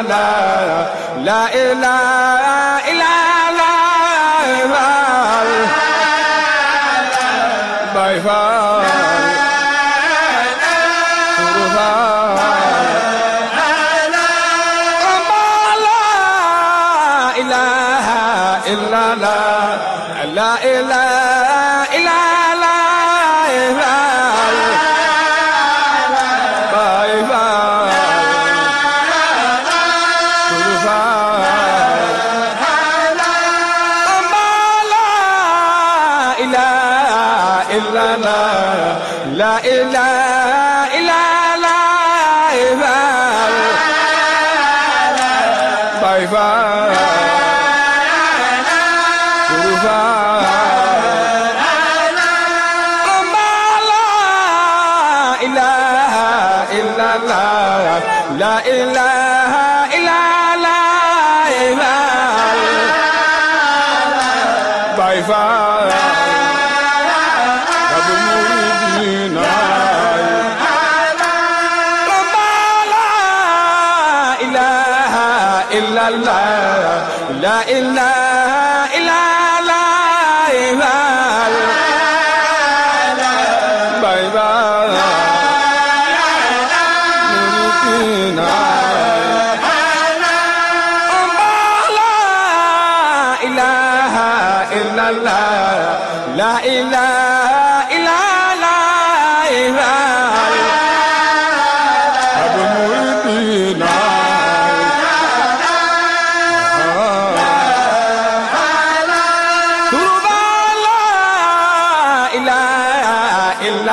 لا لا إله إلا الله باي فاي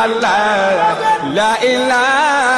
illallah la ilaha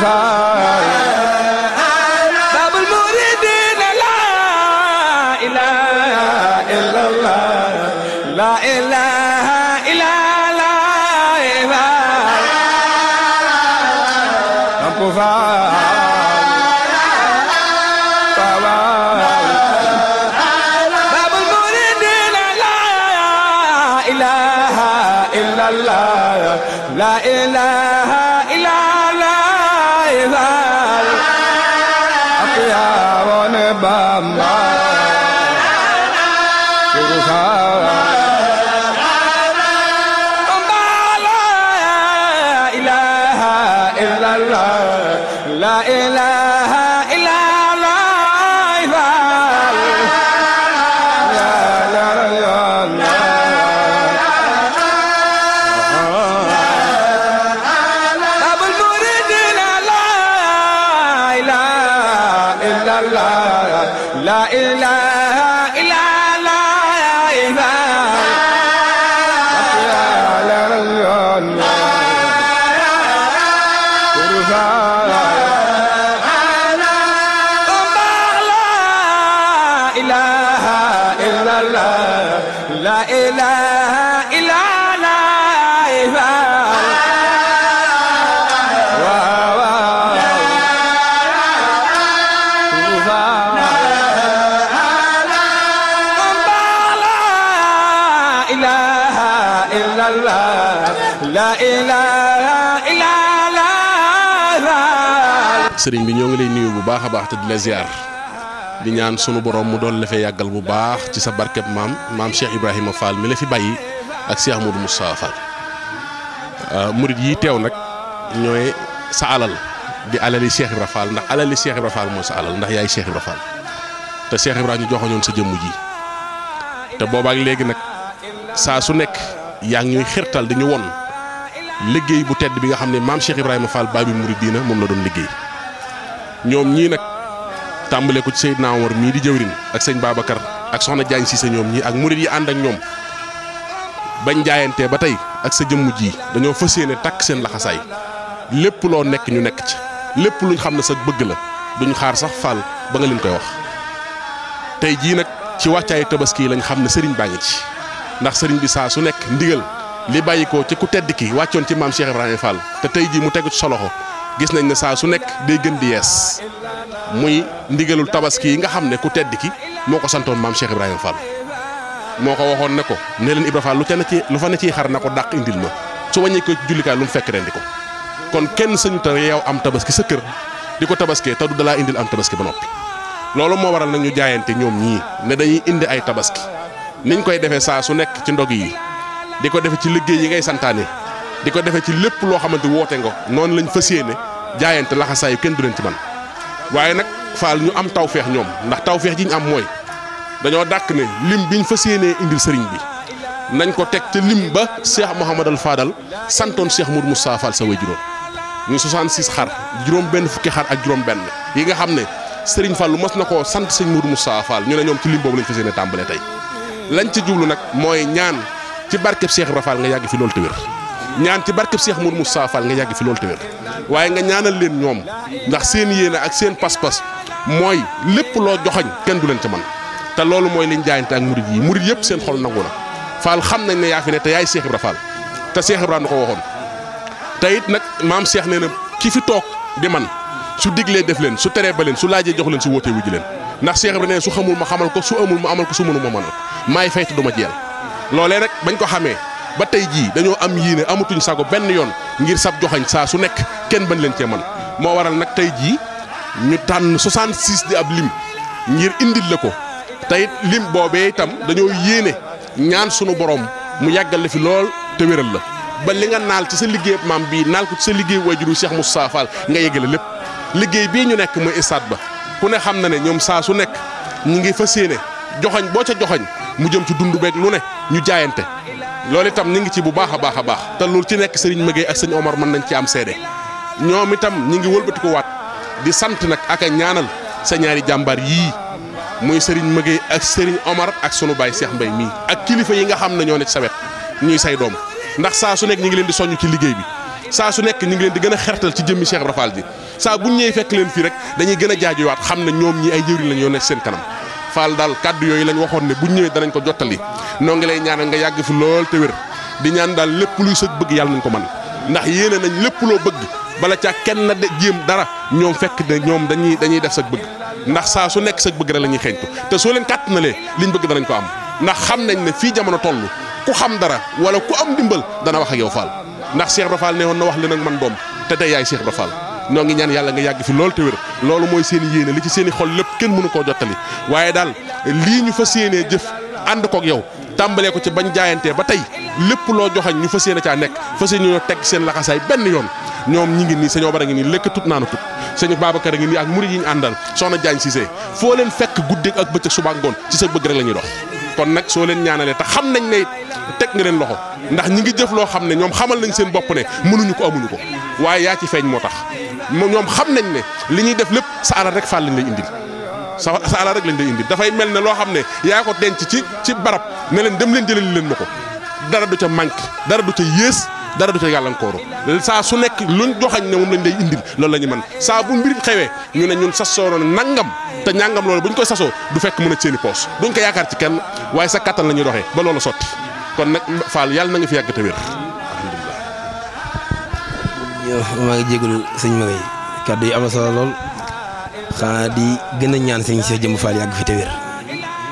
sa إله sëriñ bi ñoo ngi lay nuyu bu baax baax te di la ziar di ñaan sunu boroom mu doon la fee yàggal bu baax ci sa barkeb maam maam Cheikh Ibrahima Fall mi la fi bàyyi ak Cheikh Amadou Moustapha Fall euh, murit yi teew nag ñooy sa alal di alali Cheikh Ibrahima Fall ndax alali seex Ibrahima Fall mooy sa alal ndax yaay Cheikh Ibrahima Fall te Cheikh Ibrahima ñu joxoñoon sa jëmm ji te boobaak léegi nag saa su nekk yaa ngi ñuy xirtal dañu won liggéey bu tedd bi nga xam ne maam Cheikh Ibrahima Fall Babi Mouridina moom la doon liggéey ñoom ñii nag tàmbale ko ci Seydina Omar mii di jëwrin ak sëñ Babacar ak soxna Diagne Cissé ñoom ñii ak murid yi ànd ak ñoom bañ jaayantee ba tey ak sa jëmm ji dañoo fas yéene takk seen laxasaay lépp loo nekk ñu nekk ci lépp luñ xam ne sa bëgg la duñ xaar sax faal ba nga leen koy wax tey jii nag ci wàccaayu tabaski lañ xam ne sëriñ baa ci ndax sëriñ bi saa su nekk ndigal li bàyyi ko ci ku tedd ki wàccoon ci maam Cheikh Ibrahima Fall te tey jii mu tegu ci sa loxo gis nañ ne saa su nekk day gën di yees muy ndigalul tabaski yi nga xam ne ku tedd ki moo ko santoon maam Cheikh Ibrahima Fall moo ko waxoon ne ko ne leen Ibrahima Fall lu ca ne ci lu fa ne ciy xar na ko dàq indil ma su wàññee ko jullikaay lu mu fekk rendi ko kon kenn sañu ta yow am tabaski sa kër di ko tabaskee te du dalaa indil am tabaski ba noppi loolu moo waral nag ñu jaayante ñoom ñii ne dañuy indi ay tabaski niñ koy defee saa su nekk ci ndog yi di ko defee ci liggéey yi ngay santaane di ko defee ci lépp loo xamante woote nga noonu lañ fas yéene jaayante laxasaayu kenn du leen ci man waaye nag faal ñu am tawfeex ñoom ndax tawfeex ji ñu am mooy dañoo dàkk ne lim biñ fa séenee indil sëriñ bi nañ ko teg ca lim ba Cheikh Mouhamadal Fadal santoon Cheikh Mour Moussa Fall sa way juróom ñu 66 xar juróom benn fukki xar ak juróom benn yi nga xam ne sëriñ Fall lu mos na koo sant sëñ Mour Moussa Fall ñu ne ñoom ci lim boobu lañ fa séenee tàmbalee tey lañ ci jublu nag mooy ñaan ci barkeb Cheikh Rafal nga yàgg fi loolu te ñaan ci barkeb Seex Mourou saa Fall nga yàgg fi loolu tamit waaye nga ñaanal leen ñoom ndax seen yéene ak seen pas-pas mooy lépp loo joxañ kenn du leen ca man te loolu mooy liñ jaayante ak murid yi murid yëpp seen xol nangu na Fall xam nañ ne yaa fi ne te yaay Seex Ibra Fall te Seex Ibra da ko waxoon te it nag maam Seex nee na ki fi toog di man su diglee def leen su teree ba leen su laajee jox leen su wootee wujj leen ndax Seex Ibra nee su xamul ma xamal ko su amul ma amal ko su mënu ma mënal maay fayte du ma jeel loolee nag bañ ko xamee ba tey jii dañoo am yéene amatuñ sago benn yoon ngir sab joxañ saa su nekk kenn bañ leen cee man moo waral nag tey jii ñu tànn 66 di ab lim ngir indil la ko tey lim boobee itam dañoo yéene ñaan sunu borom mu yàggale la fi lool te wéral la ba li nga naal ci sa liggéey maam bii naal ko ci sa liggéey wajuru Cheikh Moussa Fall nga yegale lépp liggéey bii ñu nekk mooy stade ba ku ne xam na ne ñoom saa su nekk ñu ngi fa yéene joxañ boo ca joxañ mu jëm ci dund beeg lu ne ñu jaayante loolu itam ñu ngi ci bu baax a baax a baax te loolu ci nekk sëriñ Maguette ak sëñ Omar mën nañ ci am seede ñoom itam ñu ngi wëlbatiku di sant nag ak a ñaanal sa ñaari jàmbaar yii muy sëriñ Maguette ak sëriñ Omar ak sunu baay Cheikh Mbaye mii ak kilifa yi nga xam na ñoo ne ci sa wet ñuy say doom ndax saa su nekk ñu ngi leen di soññ ci liggéey bi saa su nekk ñu ngi leen di gën a xertal ci jëmmi Cheikh Ibra Fall ji saa bu ñu ñëwee fekk leen fii rek dañuy gën a jaajuwaat xam ne ñoom ñi ay jëwriñ la ñoo ne seen kanam Fall daal kàddu yooyu lañ waxoon ne bu ñëwee danañ ko jottali noo ngi lay ñaanal nga yàgg fi loolu te wér di ñaan daal lépp luy sëg bëgg yàlla nañ ko man ndax yéene nañ lépp loo bëgg bala caa kenn na de jéem dara ñoom fekk ne ñoom dañuy dañuy def sag bëgg ndax saa su nekk sag bëgg rek la ñuy xeeñtu te soo leen kàttanalee liñ bëgg danañ ko am ndax xam nañ ne fii jamono toll ku xam dara wala ku am dimbal dana wax ak yow Fall ndax Cheikh Ibra Fall ne woon na wax leen man doom te tey yaay Cheikh ñoo ngi ñaan yàlla nga yàgg fi loolu te wér loolu mooy seen i yéene li ci seen i xol lépp kenn mënu koo jottali waaye daal lii ñu fas yéenee jëf ànd koog yow tàmbalee ko ci bañ jaayantee ba tey lépp loo joxañ ñu fas yéene caa nekk fas yéene ñoo teg seen laxasaay benn yoon ñoom ñi ngi nii sañoo bara ngi nii lekk tut naanu tut sëñ Babacar a ngi nii ak murid yi ñu àndal soxna Diagne Cissé foo leen fekk guddeeg ak bëccëg suba ngoon ci sa bëgg rek la ñuy dox kon nag soo leen ñaanalee te xam nañ ne teg nga leen loxo ndax ñi ngi jëf loo xam ne ñoom xamal nañ seen bopp ne mënuñu ko amuñu ko waaye yaa ci feeñ moo tax ñoom xam nañ ne li ñuy def lépp sa alal rek fàll lañ lay indil sa sa alal rek lañ lay indil dafay mel ne loo xam ne yaa ko denc ci ci barab ne leen dem leen jëlee leen ma ko dara du ca manque dara du ca yées dara du ca gàllankooru saa su nekk luñ joxañ ne moom lañ lay indil loolu la ñu mën saa bu mbir xewee ñu ne ñun sasoo nangam te ñàngam loolu bu ñu koy sasoo du fekk mën a seeni poos duñ ko yaakaar ci kenn waaye sa kattan la ñuy doxee ba loolu sotti kon nag Fall yàlla na fi yàgg te wér sëñ Maguette yi am solo lool di gën a ñaan sëñ Cheikh Jëmb Fall yàgg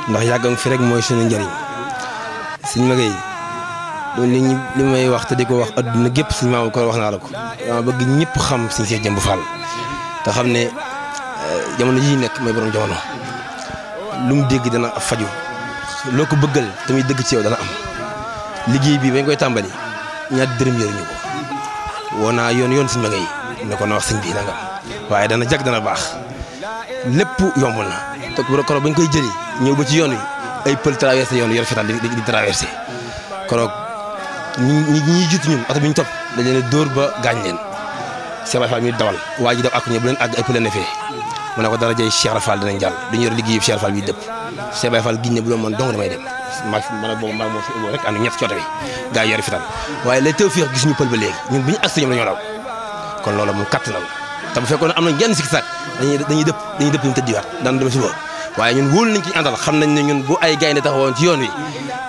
ndax yàggam fi rek mooy suñu njëriñ sëñ Maguette li li may wax te di ko wax adduna gépp suñu maamu ko wax naa la ko dama bëgg ñëpp xam suñu Cheikh Jëmb Fall te xam ne euh, jamono yi nekk mooy borom jamono lu mu dégg dana faju loo ko bëggal tamit dëgg ci yow dana am bi bañ koy tàmbali ñaar dërëm yoruñu ko naa yoon yoon suñu ma ngay ne ko dana jag dana baax lépp yombul na te koro bañ koy jëli ñëw ci yoon wi ay pël traversé yoon yor fital di traversé koroog ñi ñi jiitu ñun oto bi ñu topp dañ leen dóor ba gaañ leen Cheikh Ibra Fall mi dawal waa ji daw ak ñe bu leen àgg ëpp leen ne fee mu ne ko dara jëy moo fi uboo rek ànd ñett cooto bi gars yi yori fital waaye lay teew fiix gis ñu pël ba léegi ñun bi ñu agsi ñoom la ñoo daw kon loolu moom kàtt na te bu fekkoon am nañ genn sikki sàkk dañuy dañuy dëpp dañuy dëpp ñu tëddiwaat daan dem suba waaye ñun wóolu nañ ci xam nañ ne ñun bu gaynde taxawoon ci yoon wi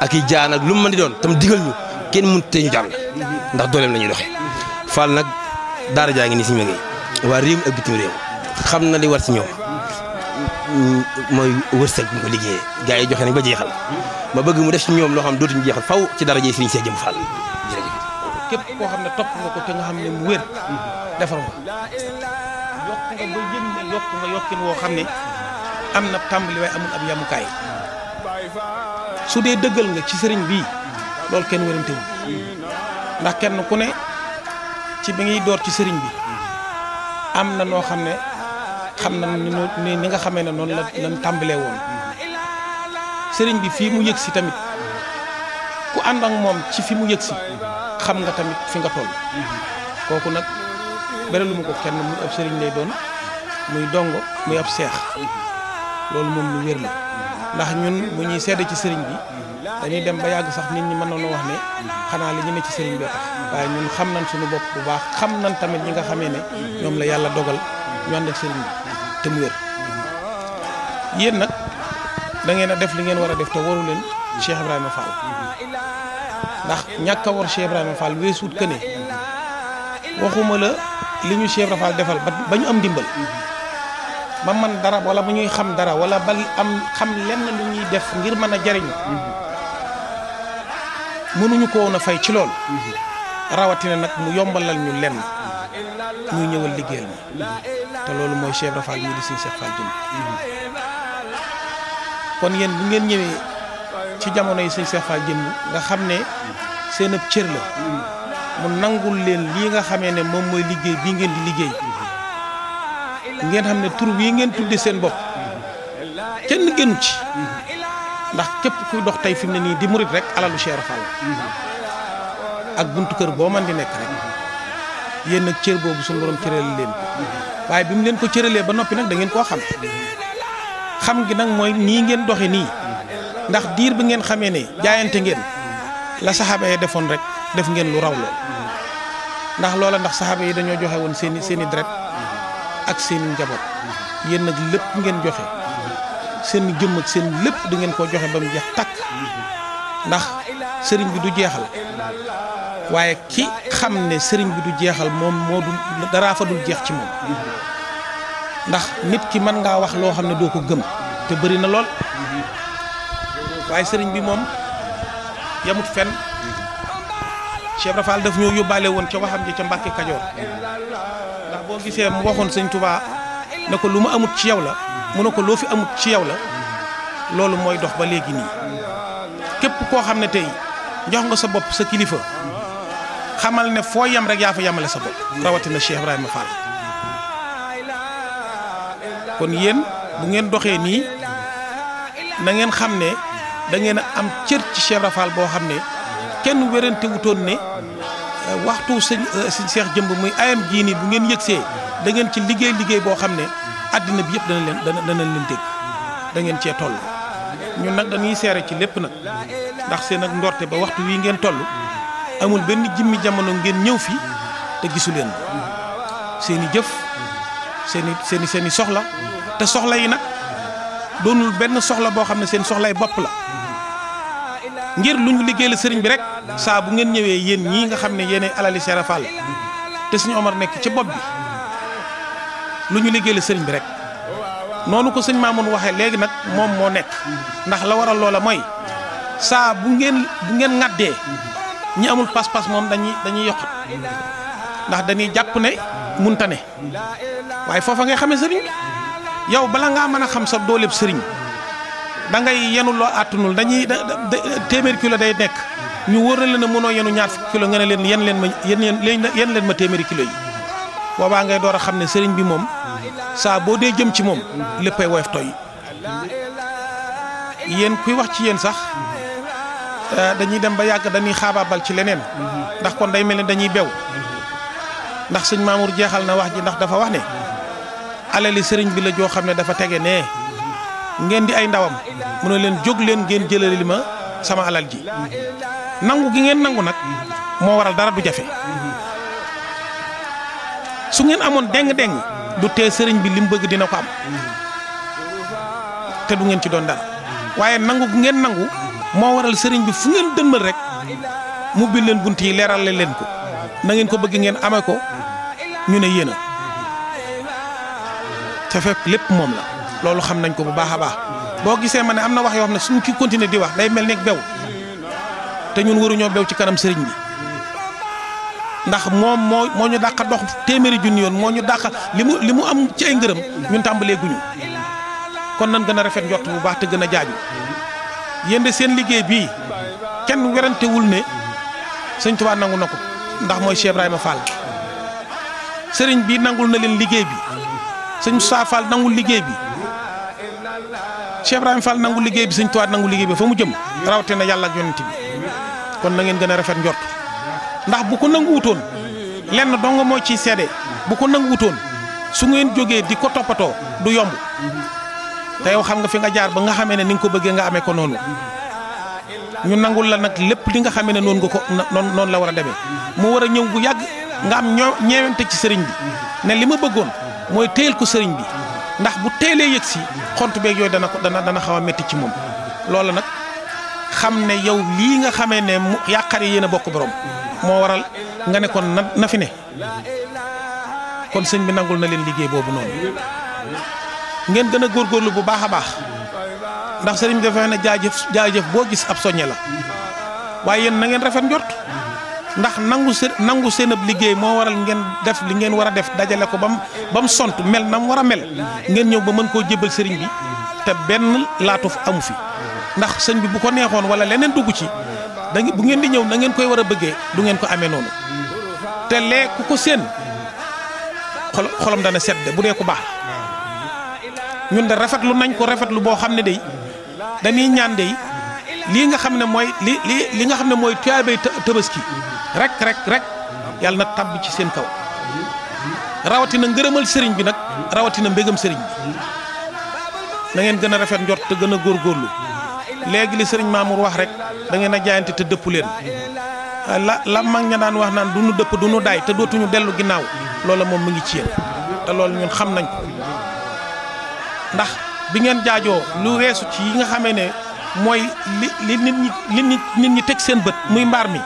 ak i jaan ak lu mu mën di doon tam digal ñu kenn mënut ñu jàll ndax dooleem la ñuy doxee Fall nag daara jaa ngi nii si ñu waa réew mi ak bitim réew xam na li war si ñoom mooy wërsëg bu ñu ko gaa yi joxe nañ ba jeexal ma bëgg mu def si ñoom loo xam dootuñu jeexal faw ci daara jii Serigne Cheikh Jëmb Fall képp koo xam ne topp nga ko te nga xam ne mu wér. defar ko yokk nga ba jëm yokkin woo xam ne am na tàmbali waaye amul ab yamukaay su dee dëggal nga ci sëriñ bii. loolu kenn wérantewul ndax kenn ku ne ci bi ngay door ci sëriñ bi am na noo xam ne xam na ni nga xamee ne noonu la lañ tàmbalee woon sëriñ bi fii mu yëg si tamit ku àndak moom ci fi mu yëg si xam nga tamit fi nga toll kooku nag beralu ma ko kenn muy ab sëriñ lay doon muy dongo mu ab seex loolu moom lu wér la ndax ñun mu ñuy seede ci sëriñ bi dañuy dem ba yàgg sax nit ñi mën nañu wax ne xanaa li ñu ci sëriñ bi tax waaye ñun xam nañ suñu bopp bu baax xam nañ tamit ñi nga xamee ne ñoom la yàlla dogal ñu ànd ak sëriñ bi te mu wér yéen nag da a def li ngeen war a def te waru leen Cheikh Ibrahima Fall ndax ñàkk a war Cheikh Ibrahima Fall weesuut que ne waxuma la li ñu Cheikh Ibrahima Fall defal ba ñu am ndimbal man man dara wala bu ñuy xam dara wala ba am xam lenn lu ñuy def ngir mën a jariñu mënuñu ko woon fay ci loolu rawatina nag mu yombalal ñu lenn muy ñëwal liggéeyal ma te loolu mooy Cheikh Ibra Fall ñu di Serigne Cheikh Fall Jëmm kon yéen bu ngeen ñëwee ci jamono yi Serigne Cheikh Fall Jëmm nga xam ne seen ab cër la mu nangul leen lii nga xamee ne moom mooy liggéey bii ngeen di liggéey ngeen xam ne tur bii ngeen tudde seen bopp kenn génnu ci ndax képp kuy dox tey fi mu ne nii di murit rek alalu Cheikh Fall ak buntu kër boo man di nekk rek yéen nag cër boobu suñu borom cërale leen waaye bi mu leen ko cëralee ba noppi nag da ngeen koo xam xam gi nag mooy nii ngeen doxe nii ndax diir bi ngeen xamee ne jaayante ngeen la saxaaba yi defoon rek def ngeen lu raw lool ndax loola ndax saxaaba yi dañoo joxe woon seeni seeni deret ak seen njaboot yéen nag lépp ngeen joxe seen jëmm ak seen lépp da ngeen koo joxe ba mu jeex takk ndax sëriñ bi du jeexal waaye ki xam ne sëriñ bi du jeexal moom moo dul fa dul jeex ci moom ndax nit ki mën ngaa wax loo xam ne doo ko gëm te bëri na lool waaye sëriñ bi moom yamut fenn Cheikh Rafal daf ñoo yóbbaale woon ca waxam ji ca Mbàkke Kajoor boo gisee mu waxoon sëñ Touba ne ko lu mu amut ci yow la mu ne ko loo fi amut ci yow la loolu mooy dox ba léegi nii képp koo xam ne tey jox nga sa bopp sa kilifa xamal ne foo yem rek yaa fa yemale sa bopp rawatina Cheikh Ibrahima kon yéen bu ngeen doxee nii na ngeen xam ne da ngeen am cër ci Cheikh boo xam ne kenn wérante wutoon ne waxtu sëñ euh, sëñ Cheikh Jëmb muy ayam jii nii bu ngeen yëgsee da ngeen ci liggéey liggéey boo xam ne àddina bi yëpp dana leen dana dana leen dégg da ngeen cee toll ñun nag dañuy seere ci lépp nag ndax seen ak ndorte ba waxtu wii ngeen toll amul benn jimmi jamono ngeen ñëw fii te gisu leen seen i jëf seen seeni seen i soxla te soxla yi nag doonul benn soxla boo xam ne seen soxlay bopp la. ngir lu ñu liggéeyal sëriñ bi rek saa bu ngeen ñëwee yéen ñii nga xam ne yéenay alali Cheikh Fall te suñu Omar nekk ci bopp bi lu ñu liggéeyal sëriñ bi rek noonu ko sëñ Mamoun waxee léegi nag moom moo nekk ndax la waral loola mooy saa bu ngeen bu ngeen ŋaddee ñi amul pas-pas moom dañuy dañuy yokkat ndax dañuy jàpp ne munta ne waaye foofa ngay xamee sëriñ bi yow bala ngaa mën a xam sa dooleeb sëriñ da ngay yenu loo àttunul dañuy téeméer kilo day nekk ñu wóorale na mënoo yenu ñaar fukki kilo nga ne leen yen leen ma yen leen ma téeméeri kilo yi waa ngay door a xam ne sëriñ bi moom saa boo dee jëm ci moom léppay woyof toy yéen kuy wax ci yéen sax euh, dañuy dem ba yàgg dañuy xaabaabal ci leneen ndax kon day mel ne dañuy bew ndax sëñ Mamour jeexal na wax ji ndax dafa wax ne alali sëriñ bi la joo xam ne dafa tege nee ngeen di ay ndawam mu leen jóg leen ngeen jëlale li ma sama alal ji nangu gi ngeen nangu nag moo waral dara du jafe su ngeen amoon deng-deng du tee sëriñ bi li bëgg dina ko am te du ngeen ci doon dara waaye nangu gi ngeen nangu moo waral sëriñ bi fu ngeen dënmal rek mu bil leen bunt yi leerale leen ko na ko bëgg ngeen amee ko ñu ne yéen a lépp moom la. loolu xam nañ ko bu baax a baax boo gisee ma ne am na wax yoo xam ne suñ ki continuer di wax day mel ni bew te ñun waruñoo bew ci kanam sëriñ bi ndax moom moo moo ñu dàqa dox téeméeri junni yoon moo ñu dàqa li mu li mu am ci ay ngërëm ñun tàmbalee guñu kon nan gën a rafet yot bu baax te gën a jaaju yéen de seen liggéey bii kenn werantewul ne sëñ Tuubaa nangu na ko ndax mooy Cheikh Ibrahima Fall sëriñ bi nangul na leen liggéey bi sëñ Moussa Fall nangul liggéey bi Cheikh Ibrahima Fall nangu liggéey bi sëñ Tuubaa nangu liggéey bi fa mu jëm rawatina yàlla ak yonent bi kon na ngeen gën a rafet njort ndax bu ko nangu wutoon lenn dong moo ciy seede bu ko nangu wutoon su ngeen jógee di ko toppatoo du yomb te yow xam nga fi nga jaar ba nga xamee ne ni nga ko bëggee nga amee ko noonu ñun nangul la nag lépp li nga xamee ne noonu nga ko noonu la war a demee mu war a ñëw bu yàgg nga am ñoo ñeewante ci sëriñ bi ne li ma mooy téyel ko sëriñ bi. ndax bu teelee yëg si xont beeg yooyu dana ko dana dana xaw a métti ci moom loola nag xam ne yow lii nga xamee ne mu yàqar yéen a bokk borom moo waral nga ne kon na fi ne kon sëñ bi nangul na leen liggéey boobu noonu ngeen gën a góorlu bu baax a baax ndax sëriñ bi dafa ne jaajëf jaajëf boo gis ab soññe la waaye yéen na ngeen rafet njort. ndax nangu seen nangu seen liggéey moo waral ngeen def li ngeen war a def dajale ko bam ba mu sont mel na mu war a mel ngeen ñëw ba mën koo jébal sëriñ bi te benn laatuf amu fi ndax sëñ bi bu ko neexoon wala leneen dugg ci da bu ngeen di ñëw na ngeen koy war a bëggee du ngeen ko amee noonu te lee ku ko seen xolom xolam dana sedd bu dee ku baax ñun de rafetlu nañ ko rafetlu boo xam ne day dañuy ñaan day lii nga xam ne mooy li li li nga xam ne mooy tuyaabay tabaski rek rek rek yàlla na tàbb ci seen kaw rawatina ngërëmal sëriñ bi nag rawatina mbégam sëriñ bi na ngeen gën a rafet njort te gën a góorgóorlu léegi li sëriñ Mamour wax rek da ngeen a jaayante te dëpp leen la la mag ña daan wax naan du nu dëpp du nu daay te dootuñu dellu ginnaaw loola moom mu ngi ci yéen te loolu ñun xam nañ ko ndax bi ngeen jaajoo lu weesu ci yi nga xamee ne mooy li li nit ñi li nit ñi teg seen bët muy mbaar mi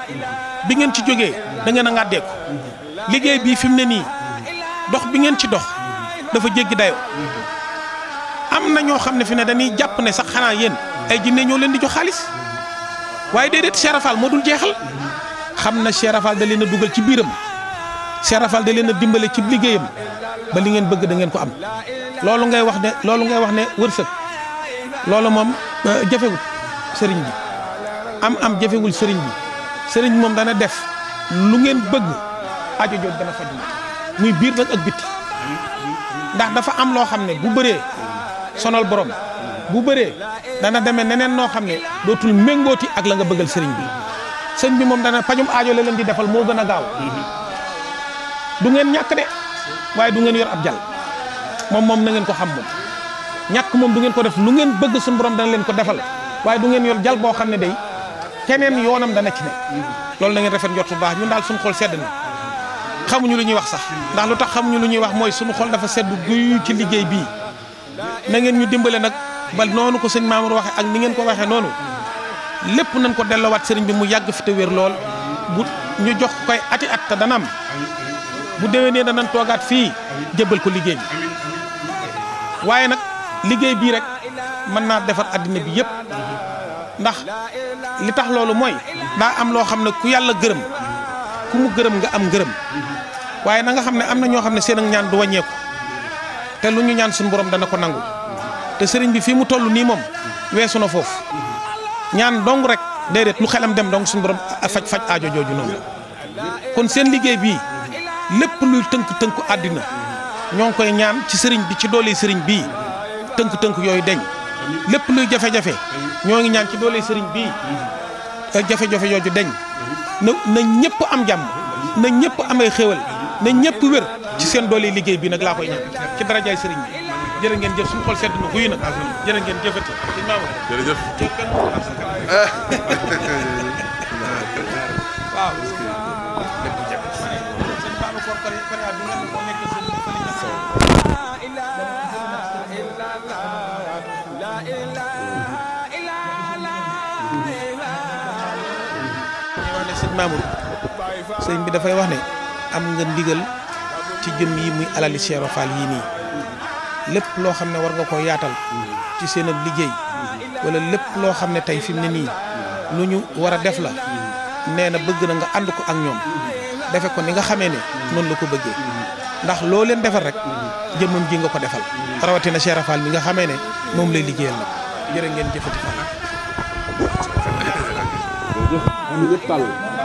bi ngeen ci jógee da ngeen a ŋàddeeku liggéey bii fi mu ne nii dox bi ngeen ci dox dafa jéggi dayoo am na ñoo xam ne fi ne dañuy jàpp ne sax xanaa yéen ay jinne ñoo leen di jox xaalis waaye déedéet Cheikh Rafal moo dul jeexal xam na Cheikh Rafal da leen a dugal ci biiram Cheikh da leen a dimbale ci liggéeyam ba li ngeen bëgg dangeen ko am loolu ngay wax ne loolu ngay wax ne wërsëg loolu moom euh, jafewul sëriñ bi am am jafewul sëriñ bi sëriñ moom dana def lu ngeen bëgg aajo jooju dana faj muy biir nag ak bitti ndax dafa am loo xam ne bu bëree sonol borom bu bëree dana demee neneen noo xam ne dootul méngooti ak la nga bëggal sëriñ bi sëñ bi moom dana pajum aajo la leen di defal moo gën a gaaw du ngeen ñàkk de waaye du ngeen yor ab jal moom moom na ngeen ko xam moom ñàkk moom du ngeen ko def lu ngeen bëgg suñu borom dana leen ko defal waaye du ngeen yor jal boo xam ne day keneen yoonam dana ci ne loolu na ngeen rafet njort baax ñun daal suñu xol sedd na xamuñu lu ñuy wax sax ndax lu tax xamuñu lu ñuy wax mooy suñu xol dafa sedd guy ci liggéey bii na ngeen ñu dimbale nag ba noonu ko seen Mamour waxee ak ni ngeen ko waxee noonu lépp nañ ko delloowaat sëriñ bi mu yàgg fi te wér lool bu ñu jox koy ati at te dana am bu déwénee danañ toogaat fii jébbal ko liggéey bi waaye nag liggéey bii rek mën naa defar àddina bi yëpp ndax li tax loolu mooy daa am loo xam ne ku yàlla gërëm ku mu gërëm nga am gërëm waaye na nga xam ne am na ñoo xam ne seen ñaan du wàññeeku te lu ñu ñaan suñu borom dana ko nangu te sëriñ bi fii mu toll nii moom weesu na foofu ñaan dong rek déedéet lu xelam dem dong suñu borom faj faj aajo jooju noonu kon seen liggéey bi lépp luy tënk-tënku àddina ñoo ngi koy ñaan ci sëriñ bi ci doole sëriñ bi tënk-tënk yooyu deñ lépp luy jafe-jafe ñoo ngi ñaan ci doole sëriñ bi ak jafe-jafe jooju deñ na na ñëpp am jàmm na ñëpp amay xéwal na ñëpp wér ci seen doole liggéey bi nag laa koy ñaan ci darajaay sëriñ bi jërë ngeen jëf suñu xol sedd na guy nag jërë ngeen jëfati sëñ Mamadou jërëjëf waaw lépp jàpp Sëñ Mamour sëñ bi dafay wax ne am nga ndigal ci jëm yi muy alali Cheikh yii nii lépp loo xam ne war nga koo yaatal ci seen liggéey wala lépp loo xam ne tey fim mu ne nii lu ñu war a def la nee na bëgg na nga ànd ko ak ñoom defe ko ni nga xamee ne noonu la ko bëggee ndax loo leen defal rek jëmmam ji nga ko defal rawatina Cheikh Fall mi nga xamee ne moom lay liggéeyal nag jërë ngeen jëfati fa.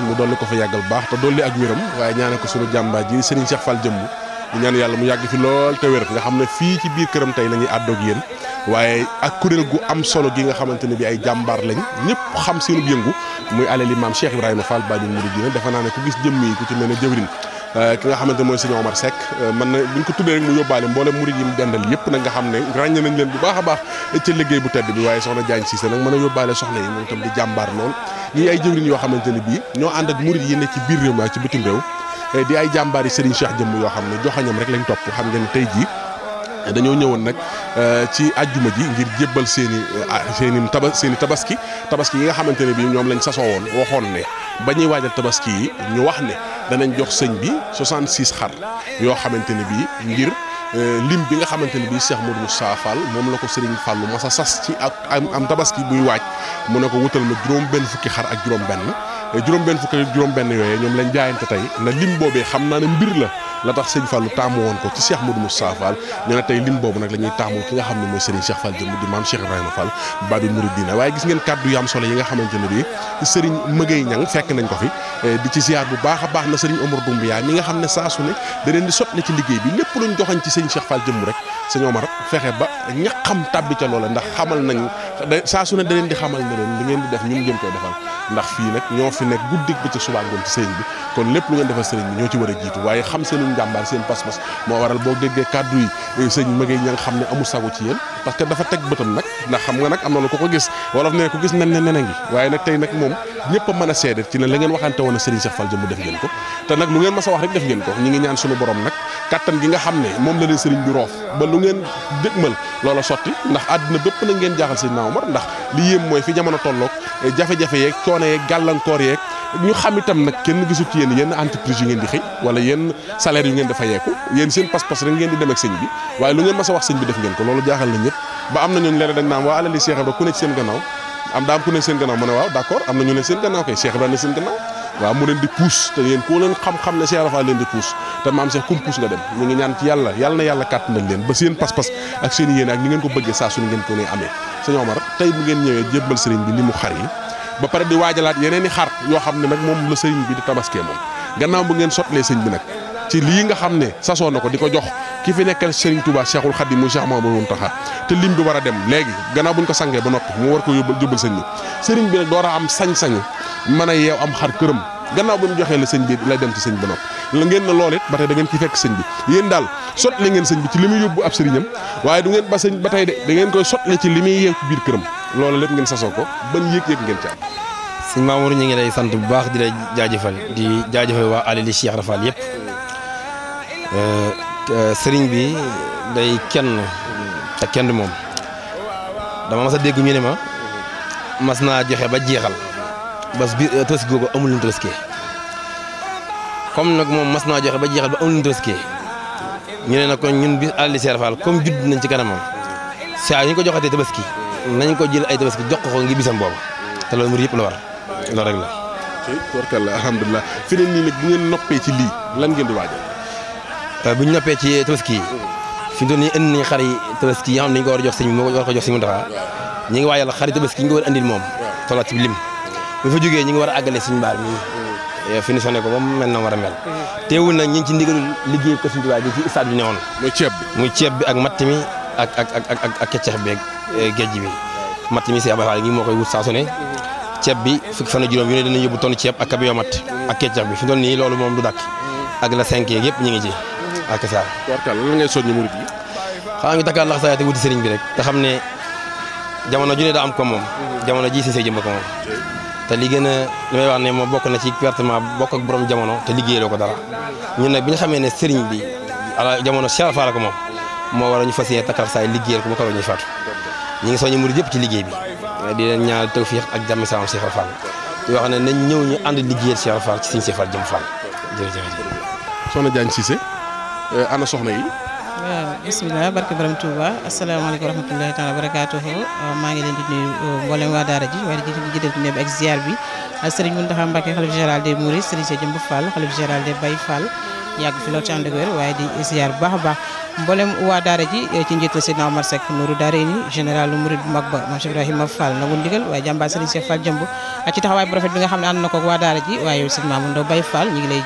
mu dolli ko fa yàggal baax te dolli ak wéram waaye ñaane ko sunu jàmbaar ji Serigne Cheikh Fall jëmm di ñaan yàlla mu yàgg fi lool te wér nga xam ne fii ci biir këram tey la ñuy àddoog yéen waaye ak kuréel gu am solo gi nga xamante ne bi ay jàmbaar lañ ñëpp xam seenub yëngu muy alali maam Cheikh Ibrahima Fall Baye Mouridina defe naa ne ku gis jëmm yi ku ci mel ne jëwrin Euh, ki nga xamante mooy Serigne Omar Seck euh, man na bu ñu ko tuddee rek mu yóbbaale mboolem murid yi mu dendal yëpp nag nga xam ne ràññe nañ leen bu baax a baax ca liggéey bu tedd bi waaye soxna Diagne Cissé nag mën a yóbbaale soxna yi moom itam di jàmbaar lool ñii ay jëwriñ yoo xamante ne bii ñoo ànd ak murid yi nekk ci biir réew mi ci bitim réew di ay jàmbaar yi Serigne Cheikh jëmm yoo xam ne joxañam rek lañ topp xam ngeen tey jii dañoo ñëwoon nag euh, ci àjjuma ji ngir jébbal seeni i euh, seen i taba seen i tabaski tabaski yi nga xamante ne bi ñoom lañ sasoo woon waxoon ne ba ñuy waajal tabaski yi ñu wax ne danañ jox sëñ bi 66 xar yoo xamante ne bi ngir euh, lim bi nga xamante ne bii Cheikh Modou Moussa Fall moom la ko Serigne Fallou sa sas ci ak am tabaski buy waaj mun ne ko wutal ma juróom benn fukki xar ak juróom benn Eh, juróom-benn fukk ak juróom-benn yooyee ñoom lañ jaayante tey na lim boobee xam naa ne mbir la la tax sëñ Fallou taamu woon ko ci Cheikh Modou Moustapha Fall ñu ne tey lim boobu nag la taamu ki nga xam ne mooy Serigne Cheikh Fall jëm di maam Cheikh ne bii Serigne Mëgëy Ñang ko fi eh, di ci ziar bu baax a baax na Serigne Omar xam ne saa su ne da leen di sot bi lépp luñ joxañ ci Serigne Cheikh Fall jëmm rek Serigne Omar fexe ba ñaqam tàbbi ca loola ndax xamal nañ saa su ne da leen di xamal ne leen li ngeen di def ñun jëm koy defal ndax fii nag fi nekk guddik ba subaa ngoon ci sëriñ bi kon lépp lu ngeen defal sëriñ bi ñoo ci war a jiitu waaye xam seenu njàmbaar seen pas-pas moo waral boo déggee kàddu yi eh, sëñ magey ña nga xam ne amul sago ci yéen parce que dafa teg bëtam nag ndax xam nga nag am na lu ko ko gis wolof ne ko gis nen ne nena ngi waaye nag tey nag moom ñëpp a mën a seede ci ne la ngeen waxante woon a sëriñ Cheikh Fall jëmb def ngeen ko te nag lu ngeen mas a wax rek def ngeen ko kattan gi nga xam ne moom la leen sëriñ bi roof ba lu ngeen dëgmal loola sotti ndax àddina bépp na ngeen jaaxal Seydina Omar ndax li yéem mooy fi jamono tolloog eh, a wax sëñ jaaxal am na ñooñu leer dañ naan waa alali Cheikh Ibra ku ne ci seen gannaaw am daam ku ne seen gannaaw mu ne waaw d'accord am na ñu ne seen gannaaw kay Cheikh Ibra ne seen gannaaw waaw mu leen di puus te yéen koo leen xam-xam ne Cheikh leen di puus te maam Cheikh kum puus nga dem ñu ngi ñaan ci yàlla yàlla na yàlla kàttanal leen ba seen pas-pas ak seen yéene ak ni ngeen ko bëggee saa su ne ngeen ko ne amee sëñ Omar tey bu ngeen ñëwee jébbal sëriñ bi li mu xar yi ba pare di waajalaat yeneen i xar yoo xam ne nag moom la sëriñ bi di tabaskee moom gannaaw bu ngeen sotlee sëñ bi nag ci lii nga xam ne sasoo na ko di ko jox ki fi nekkal Serigne Touba Cheikhul Khadim muy Cheikh Mamadou Mountakha te lim bi sangee ba noppi mu war ko yóbbal jubal sëñ a am sañ-sañ mën a yeew am xar këram gannaaw ba mu joxee la sëñ bi lay dem ci sëñ ba noppi la ngeen ne lool it ba tey da ngeen ci fekk sëñ bi yéen daal sotle ngeen sëñ bi ci li muy yóbbu ab sëriñam waaye du ngeen ba sëñ ba tey de da ngeen koy sotle ci li muy yeew ci biir këram loolu lépp ngeen sasoo ko ban yëg-yëg ngeen ci am sëñ ñu ngi lay sant bu baax di lay jaajëfal di jaajëfal waa alali Cheikh Rafal yëpp euh, euh, sëriñ bi day kenn te kenn moom dama mas a dégg ñu ma naa joxe ba jeexal bas biir euh, tabaski googu amul lu ñu tabaskiyee comme nag moom mas naa joxe ba jeexal ba amul lu ñu ñu ne nag ñun bi àlali Seer comme judd nañ ci kanamam saa yu ñu ko joxatee tabaski nañ ko jël ay tabaski jox ko ngi bisam boobu te loolu yëpp la war loolu la. tubarkalla alhamdulilah fi ne nii nag bu ngeen ci lii lan ngeen di waajal. Euh, bu ñu noppee ci tabaski yi fi mu toll nii xar yi tabaski yi nga ko war a jox sëñ bi moo war ñu ngi waajal xar yi tabaski yi ñu ko war a andil moom tolaat ci lim bu fi jógee ñi ngi war a àggale suñu mbaar eh, fi fini soné ko ba mu mel na war a mel teewul nag ñi ngi ci ndigalul liggéey ko bi ci stade bi newoon ceeb bi ak matt mi ak ak ak ak keccax bi ak eh, géej bi matt mi si moo koy wut saa su ne ceeb bi fukki fan juróom yu ne dinañ yóbbu tonn ceeb ak kabiyo matt ak keccax bi fi doon nii loolu moom du dàkk ak la cinq yeeg yëpp ñu ngi ci ak saa lan ngay soññ murid yi xanaa ñu takkaat laxasaay te wuti sëriñ bi rek te xam ne jamono ju ne daa am ko moom mm-hmm. jamono ji si see jëmba moom te li gën a li may wax ne moo bokk na ci pertement bokk ak borom jamono te liggéeyaloo ko dara ñun nag bi ñu xamee ne sëriñ bi ala jamono Cheikh Fall ko moom moo war a ñu fas yéene takkal saay liggéeyal ko ba kawe ñuy faatu ñu ngi soññu murid yëpp ci liggéey bi di leen ñaanal tawfiix ak jàmm saam Cheikh Fall di wax ne nañ ñëw ñu ànd liggéeyal Cheikh Fall ci Sëriñ Cheikh Fall jëm Fall jërëjëf. Soxna Diagne Cissé eh, ana soxna yi. waaw euh, bisimilah barke borom Touba asalaamaaleykum wa rahmatulahi taala wa barakaatuhu euh, maa ngi leen di nuyu euh, mboolem waa daara ji waaye di jiital néew bi ak ziar bi Serigne Mountakha Mbacké xalif général des Mourides Serigne Cheikh Jëmb Fall xalif général des Baye Fall yàgg fi lool ci ànd ak waaye di ziar bu baax a baax. mboolem waa daara ji eh, ci njiitu Seydina Omar Seck Nourou Daarayni général Mouride mag na ko waa daara ji waaye yow Serigne Mamadou Ndaw Baye Fall ñu ngi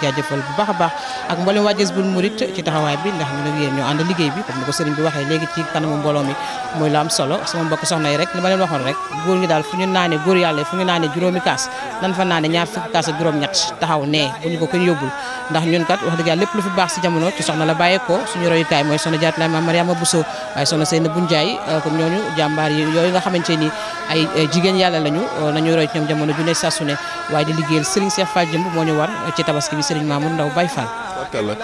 lu fu baax si jamono ci soxna la bàyyee ko suñu royukaay mooy soxna jaatulaay maam Mariama Bousso waaye soxna Seynabou Ndiaye comme euh, yooyu nga xamante ni ay jigéen yàlla lañu euh, nañu roy ñoom jamono ne waaye di liggéeyal Serigne Cheikh Fall jëmb moo ñu war euh, ci tabaski bi Serigne Mamour Ndaw Baye Fall barkalla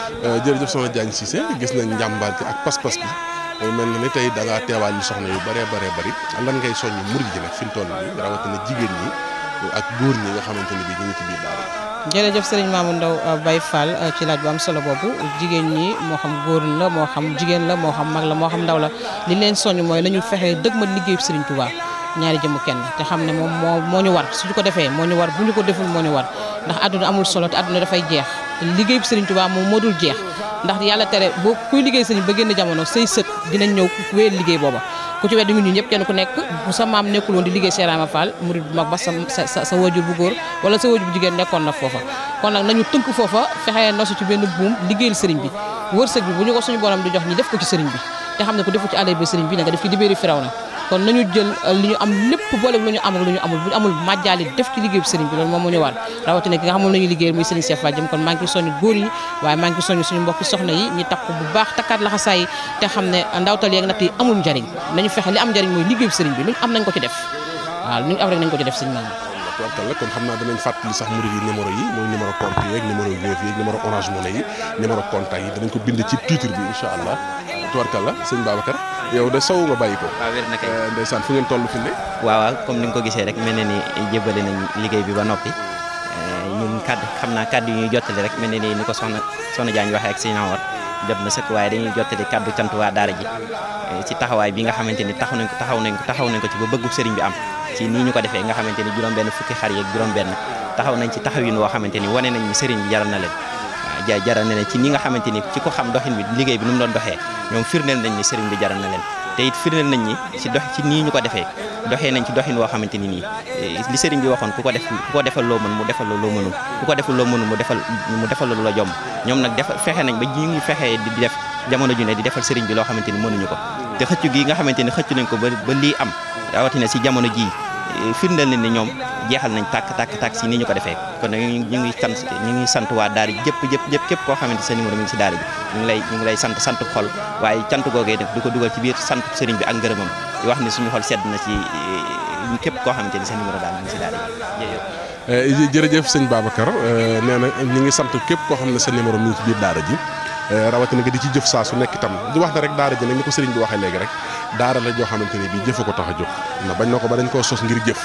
jërëjëf soxna Diagne Cissé gis nañ njàmbaar gi ak pas-pas bi mooy mel na ni tey da ngaa teewaal ñu soxna yu bëree bëree bëri lan ngay soññ murid ji nag fi mu toll nii rawatina jigéen ñi ak góor ñi nga xamante ne bi ñu ngi ci biir daara jërëjëf sëriñ Mamour Ndao euh, Baye Fall euh, ci laaj bu am solo boobu jigéen ñi moo xam góor la moo xam jigéen la moo xam mag la moo xam ndaw la li leen soññ mooy nañu fexe dëgg ma liggéeyu sëriñ Touba ñaari jëmu kenn te xam ne moom moo moo ñu war suñu ko defee moo ñu war bu ñu ko deful moo ñu war ndax àdduna amul solo te àdduna dafay jeex liggéey bi Serigne moom moo dul jeex ndax yàlla tere boo kuy liggéey Serigne ba génn jamono say sët dinañ ñëw wéyal liggéey booba ku ci wet di ñu ñëpp kenn ku nekk bu sa maam nekkul woon di liggéey Seeraama Fall murid bu mag ba sa sa wala sa wajur bu nekkoon na foofa kon nag nañu tënk foofa fexee nosu ci benn buum liggéeyal sëriñ bi wërsëg bi bu ñu ko suñu borom di jox ñi def ko ci sëriñ bi nga xam ne ko defu ci àll bi sëriñ bi ne nga def ci dibéeri firaw kon nañu jël euh, li ñu am lépp boole lu ñu lu ñu amul bu ñu amul màjjaali def ci liggéey bi sëriñ bi loolu moom moo ñu war rawatina ki nga xamul nañu liggéey muy sëriñ Cheikh Fall Diém kon maa ngi soñu góor yi waaye maa ngi soñu suñu mbokki soxna yi ñu takku bu baax takkaat laxasaay te xam ne ndawtal yeeg natt yi amul njariñ nañu fexe li am njariñ mooy liggéey bi sëriñ bi lu ñu am nañ ko ci def waaw lu ñu am rek tubarkal la kon xam naa danañ fàttali sax murid yi numéro yi mooy numéro compte yi danañ ko bind ci titre bi incha allah tubarkal la sëñ Babacar yow de saw nga bàyyi ko. waaw wér na kay euh, ndeysaan fu ngeen toll fi ne. waaw waaw comme ni nga ko gisee rek mel na ni jébale nañ liggéey bi ba noppi euh, ñun kàddu xam naa kàddu yi ñuy jottali rek mel na ni ni ko soxna soxna Diagne waxee ak sëñ Amar jot na sëkk waaye dañuy jottali kàddu cant waa daara ji eh, ci taxawaay bi nga xamante ni taxaw nañ ko taxaw nañ ko taxaw nañ ko ci ba bëggu sëriñ bi am ci nii ñu ko defee nga xamante ni juróom benn fukki xar yeeg juróom benn taxaw nañ ci taxawin woo xamante ni wane nañ ni sëriñ bi jaral na leen jaay jaral na leen ci ni nga xamante ni ci ko xam doxin bi liggéey bi nu mu doon doxee ñoom firndeel nañ ni sëriñ bi jaral na leen te it firndeel nañ ni ci dox ci nii ñu ko defee doxee nañ ci doxin woo xamante ni nii eh, li sëriñ bi waxoon ku ko def ku ko defal loo mën mu defal loo mënul ko defal loo mënul mu defal mu defal loo jom ñoom nag def fexe nañ ba ñu ngi fexe di def jamono ju ne di defal sëriñ bi loo xamante ni mënuñu ko te xëccu gi nga xamante ni xëccu nañ ko ba ba lii am rawatina si jamono jii firndeel na ni ñoom jeexal nañ tàkk tàkk tàkk si nii ñu ko defee kon nag ñu ngi sant ñu ngi sant waa daara jëpp jëpp jëpp képp koo xamante sa numéro mi ngi si daara bi ñu ngi lay ñu ngi lay sant sant xol waaye cant googee nag du ko dugal ci biir sant sëriñ bi ak ngërëmam di wax ni suñu sedd na ci eh, képp koo xamante ni sa numéro daal mi ngi si daara bi eh, jërëjëf sëñ Babacar eh, nee na ñu ngi sant képp koo xam ne sa numéro mi ngi ci biir daara ji rawatina nga di ci jëf saa su nekk itam di wax na rek daara ji nag ni ko sëriñ bi waxee léegi rek daara la joo xamante ne bii jëfa ko tax a jóg na bañ na ko ba dañ koo sos ngir jëf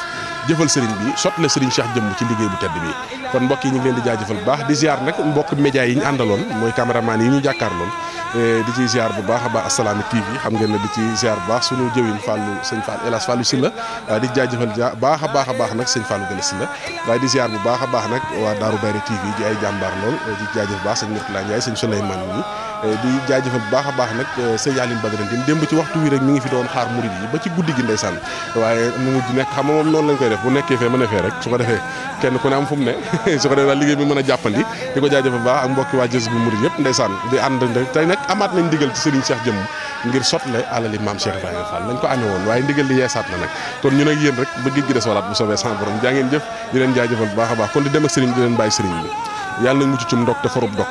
jëfal sëriñ bi sot la sëriñ Cheikh jëmm ci liggéey bu tedd bi kon mbokk yi ñu ngi leen di jaajëfal bu baax di ziar nag mbokk média yi ñu àndaloon mooy caméraman yi ñu jàkkaarloon eh, di ci bu baax a baax Assalaamy TV xam ngeen ne di ci ziar bu baax suñu jëwin Fallou sëñ Fall El Hadj Fallou Sylla eh, di a baax a baax nag sëñ Fallou Gala Sylla waaye eh, di ziar bu baax a baax nag waa Daaru Bayre TV ji ay jàmbaar lool di jaajëf baax sëñ Mourtala Eh, di jaajëfal bu baax a baax nag eh, sëñ Aline Badara Ndine ngi fi doon xaar murid yi ba ci guddi gi ndeysaan waaye mu ngi nekk xam nga moom noonu lañ koy a fee rek su a jàppandi di ko ak mbokki waa di woon waaye ndigal li yeesaat na nag kon ñu nag leen jaajëfal bu baax a baax kon di dem ak Serigne di leen bàyyi Serigne bi yàlla nañ mucc ci ndog te forub dog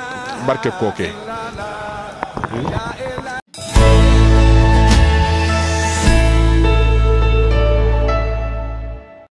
barke kookee Mmh.